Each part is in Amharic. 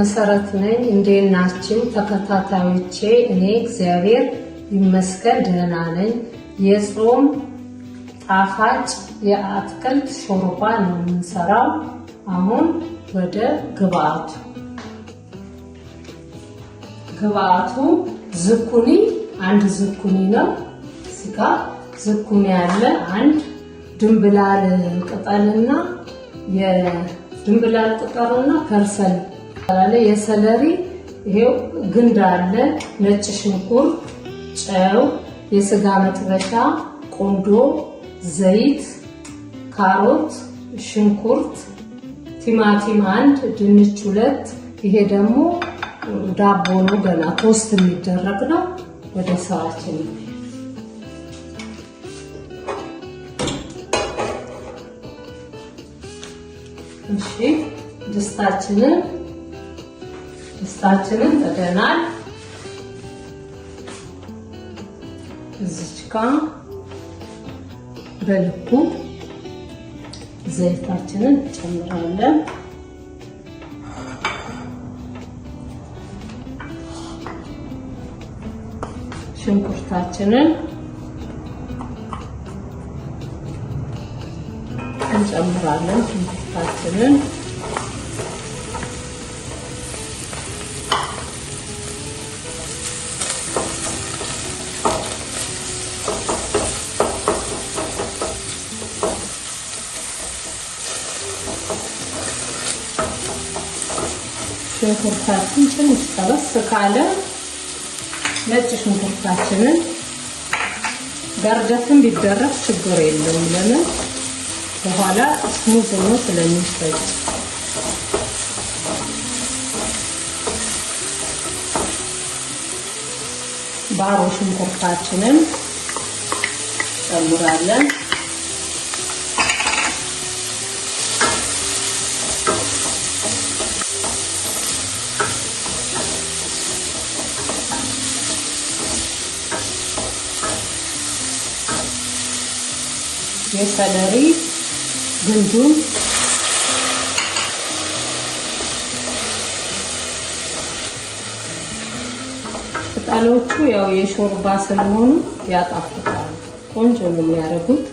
መሰረት ነኝ። እንዴት ናችሁ ተከታታዮቼ? እኔ እግዚአብሔር ይመስገን ደህና ነኝ። የጾም ጣፋጭ የአትክልት ሾርባ ነው የምንሰራው። አሁን ወደ ግብአቱ ግብአቱ ዝኩኒ አንድ ዝኩኒ ነው። ስጋ ዝኩኒ ያለ አንድ ድንብላል ቅጠልና የድንብላል ቅጠሉና ከርሰል አለ የሰለሪ ይሄው ግንድ አለ፣ ነጭ ሽንኩርት፣ ጨው፣ የስጋ መጥበሻ፣ ቆንዶ ዘይት፣ ካሮት፣ ሽንኩርት፣ ቲማቲም አንድ፣ ድንች ሁለት። ይሄ ደግሞ ዳቦ ነው፣ ገና ቶስት የሚደረግ ነው። ወደ ሰዋችን እሺ፣ ድስታችንን Pistaçyanın adrenal зичка, በልኩ ዘይታችንን እንጨምራለን። ሽንኩርታችንን እንጨምራለን። ሽንኩርታችንን ሽንኩርታችን ትንሽ ጠበስ ካለ ነጭ ሽንኩርታችንን ጋርደፍም ቢደረግ ችግር የለውም። ለምን በኋላ ስሙዝ ሆኖ ስለሚፈጭ ባሮ ሽንኩርታችንን ጨምራለን። የሰለሪ ግንዱን ቅጠሎቹ ያው የሾርባ ስለሆኑ ያጣፍጣሉ። ቆንጆ ነው የሚያደርጉት።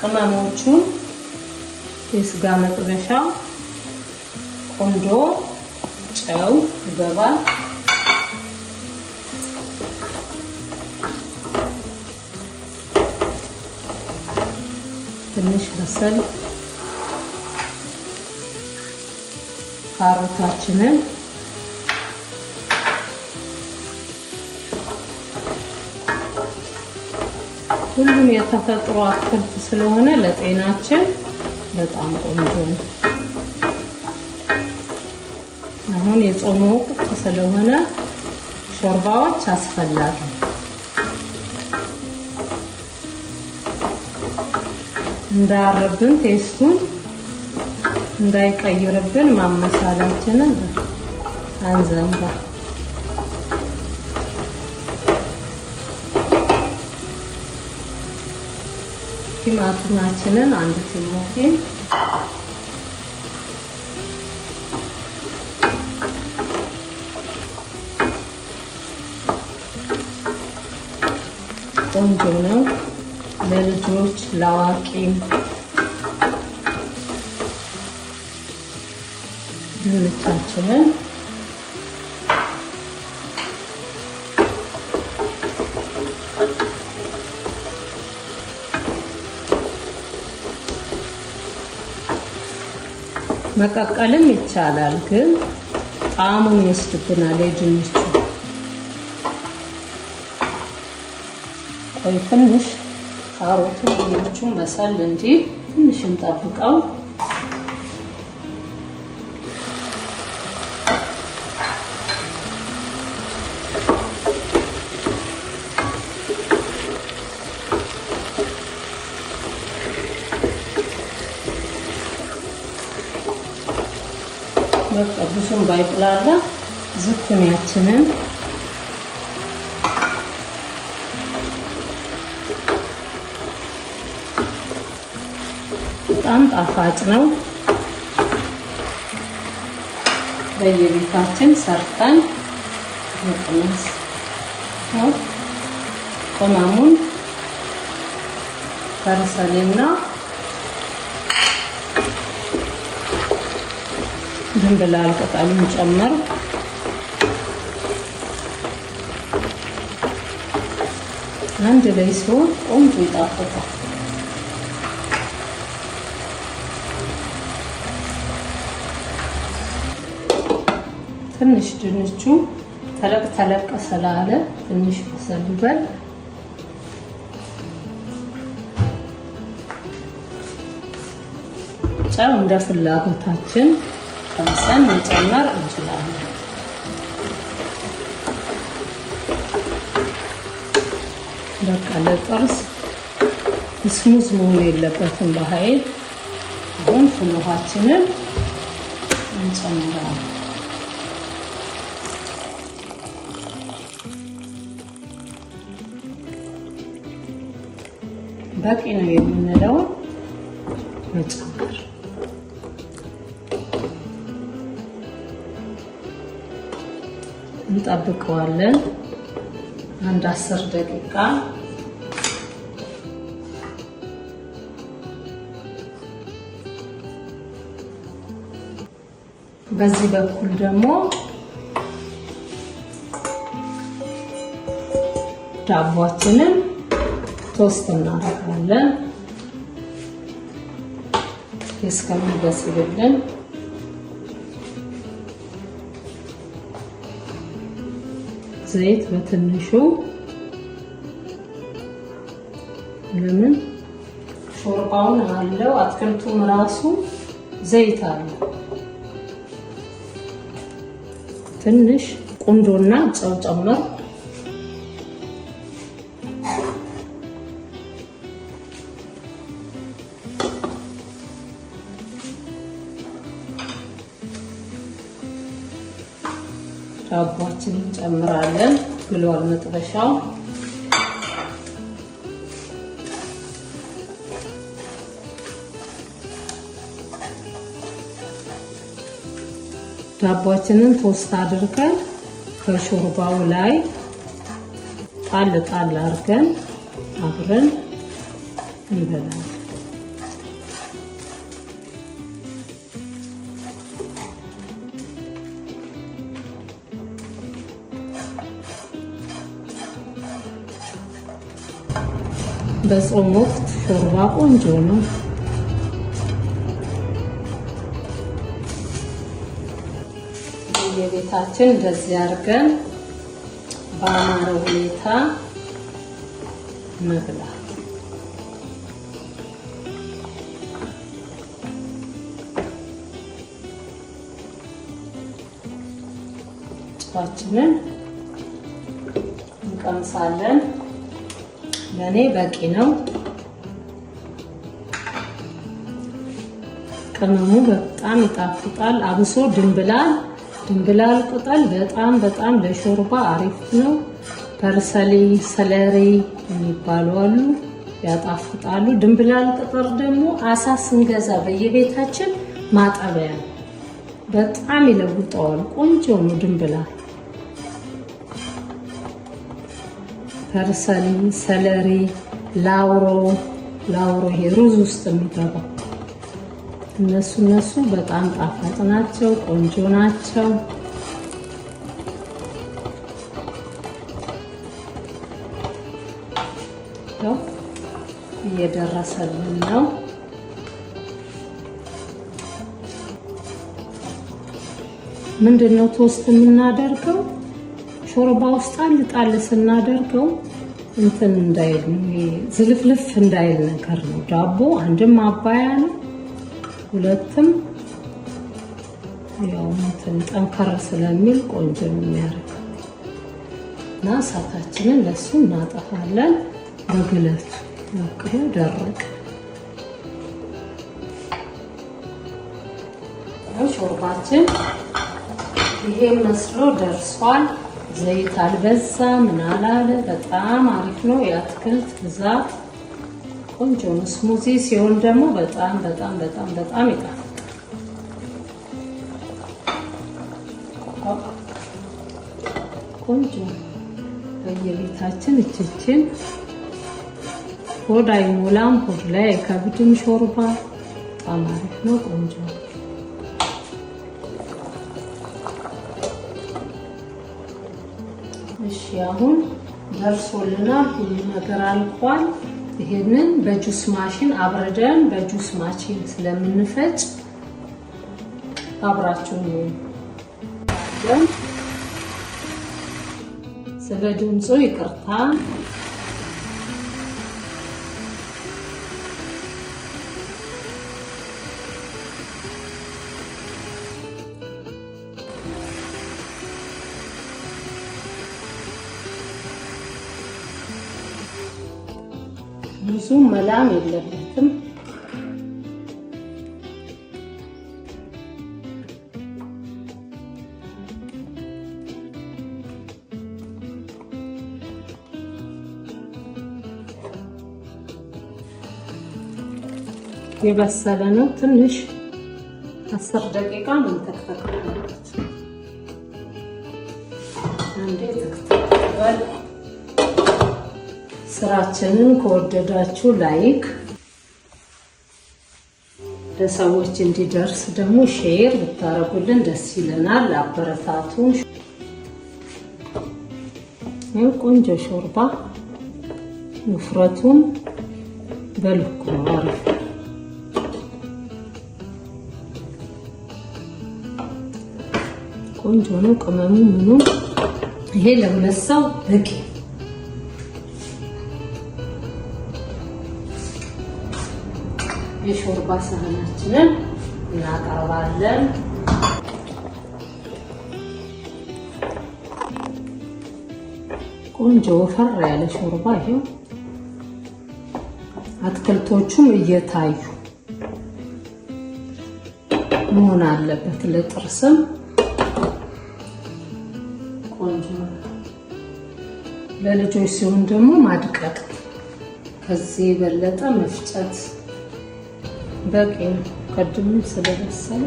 ቅመሞቹ የስጋ መጥበሻ ቆንጆ ጨው ይገባል። ትንሽ በሰል ካሮታችንን ሁሉም የተፈጥሮ አትክልት ስለሆነ ለጤናችን በጣም ቆንጆ ነው። አሁን የጾም ወቅት ስለሆነ ሾርባዎች አስፈላጊ እንዳያረብን ቴስቱን እንዳይቀይርብን ማመሳላችንን አንዘንባ። ቲማቲማችንን አንድ ቲማቲም ቆንጆ ነው። ለልጆች ለአዋቂም ድንቻችንን መቀቀልም ይቻላል፣ ግን ጣዕሙን ይወስድብናል የድንቹ ትንሽ ካሮቱ ሌሎቹ መሰል እንጂ ትንሽ እንጠብቀው። በቃ ብዙም ባይቁላላ ዝኩኒያችንን በጣም ጣፋጭ ነው። በየቤታችን ሰርተን መቅመስ ነው። ቅመሙን በርሰሌና ድንብላል ቅጠሉን ጨምር አንድ ላይ ሲሆን ቆንጆ ይጣፍጣል። ትንሽ ድንቹ ተለቅ ተለቅ ስላለ ትንሽ በሰል ይበል። ጨው እንደ ፍላጎታችን ቀምሰን መጨመር እንችላለን። በቃ ለጥብስ ስሙዝ መሆን የለበትም በኃይል አሁን ፍል እንጨምራለን። በቂ ነው የምንለውን መጨመር እንጠብቀዋለን። አንድ አስር ደቂቃ በዚህ በኩል ደግሞ ዳቧችንን ሶስት እናደርጋለን እስከሚበስልልን ዘይት በትንሹ ለምን ሾርባውን አለው አትክልቱም ራሱ ዘይት አለው። ትንሽ ቁንዶና ጨው ጨምር ዳቦችን እንጨምራለን። ግሏል መጥበሻው። ዳቧችንን ቶስት አድርገን ከሾርባው ላይ ጣል ጣል አድርገን አብረን እንበላለን። በጾም ወቅት ሾርባ ቆንጆ ነው። የቤታችን እንደዚህ አድርገን በአማረ ሁኔታ መብላት ጭፋችንን እንቀምሳለን። ለእኔ በቂ ነው። ቅመሙ በጣም ይጣፍጣል። አብሶ ድንብላል ድንብላል ቅጠል በጣም በጣም ለሾርባ አሪፍ ነው። ፐርሰሊ፣ ሰለሪ የሚባሉ አሉ ያጣፍጣሉ። ድንብላል ቅጠል ደግሞ አሳ ስንገዛ በየቤታችን ማጠቢያ ነው። በጣም ይለውጠዋል። ቆንጆ ነው ድንብላል ተርሰሪ፣ ሰለሪ፣ ላውሮ ላውሮ ይሄ ሩዝ ውስጥ የሚገባው እነሱ እነሱ በጣም ጣፋጭ ናቸው፣ ቆንጆ ናቸው። እየደረሰልን ነው። ምንድን ነው ቶስት የምናደርገው? ሾርባ ውስጥ ጣል ጣል ስናደርገው እንትን እንዳይል ዝልፍልፍ እንዳይል ነገር ነው። ዳቦ አንድም ማባያ ነው፣ ሁለትም ያው እንትን ጠንከር ስለሚል ቆንጆ ነው የሚያደርግ እና እሳታችንን ለሱ እናጠፋለን። በግለቱ ወቅሎ ደረቅ ሾርባችን ይሄ መስሎ ደርሷል። ዘይት አልበዛ ምናላለ በጣም አሪፍ ነው። የአትክልት ብዛት ቆንጆ ነው። ስሙዚ ሲሆን ደግሞ በጣም በጣም በጣም በጣም ይጣፍጣል። ቆንጆ በየቤታችን እችችን ሆድ አይሞላም፣ ሆድ ላይ አይከብድም። ሾርባ በጣም አሪፍ ነው። ቆንጆ አሁን ደርሶልናል። ሁሉ ነገር አልቋል። ይሄንን በጁስ ማሽን አብረደን በጁስ ማሽን ስለምንፈጭ አብራችሁን ስለ ድምፁ ይቅርታ። ብዙ መላም የለበትም። የበሰለ ነው። ትንሽ አስር ደቂቃ መንተክተክ አለበት። አንዴ ትክትክ ስራችንን ከወደዳችሁ ላይክ፣ ለሰዎች እንዲደርስ ደግሞ ሼር ብታረጉልን ደስ ይለናል። አበረታቱን። ቆንጆ ሾርባ ውፍረቱም በልኩ አሪፍ ቆንጆ ነው። ቅመሙ ምኑ ይሄ ለሁለት ሰው በቂ የሾርባ ሳህናችንን እናቀርባለን። ቆንጆ ወፈር ያለ ሾርባ ይሄው፣ አትክልቶቹም እየታዩ መሆን አለበት ለጥርስም ቆንጆ ለልጆች ሲሆን ደግሞ ማድቀቅ ከዚህ የበለጠ መፍጨት በቂ ከድንች ስለበሰለ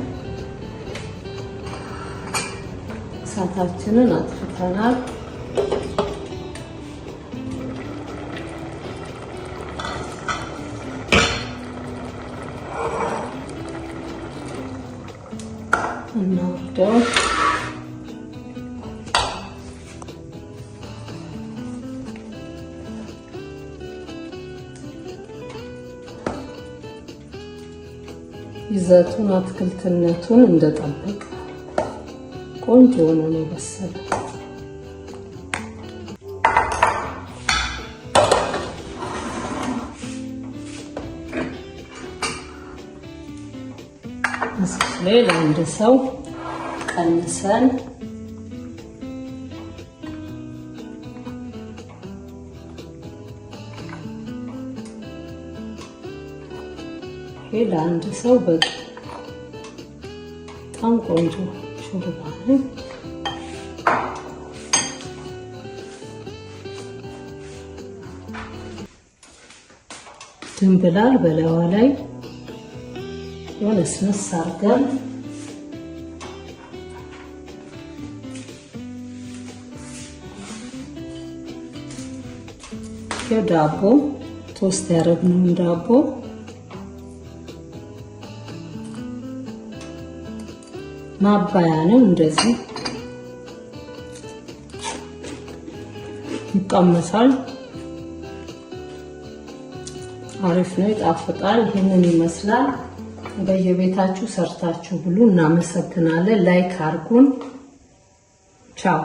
እሳታችንን አጥፍተናል። እናወርደው ይዘቱን አትክልትነቱን እንደጠበቅ ቆንጆ ሆኖ ነው የበሰለው። ምስሉ ላይ ሰው ቀንሰን ለአንድ ሰው በቂ በጣም ቆንጆ ሾርባ ነው። ድንብላል በላዋ ላይ የሆነ ስንስ አርገን ዳቦ ቶስት ያደረግነውን ዳቦ ማባያ ነው። እንደዚህ ይቀመሳል። አሪፍ ነው፣ ይጣፍጣል። ይህንን ይመስላል። በየቤታችሁ ሰርታችሁ ብሉ። እናመሰግናለን። ላይክ አርጉን። ቻው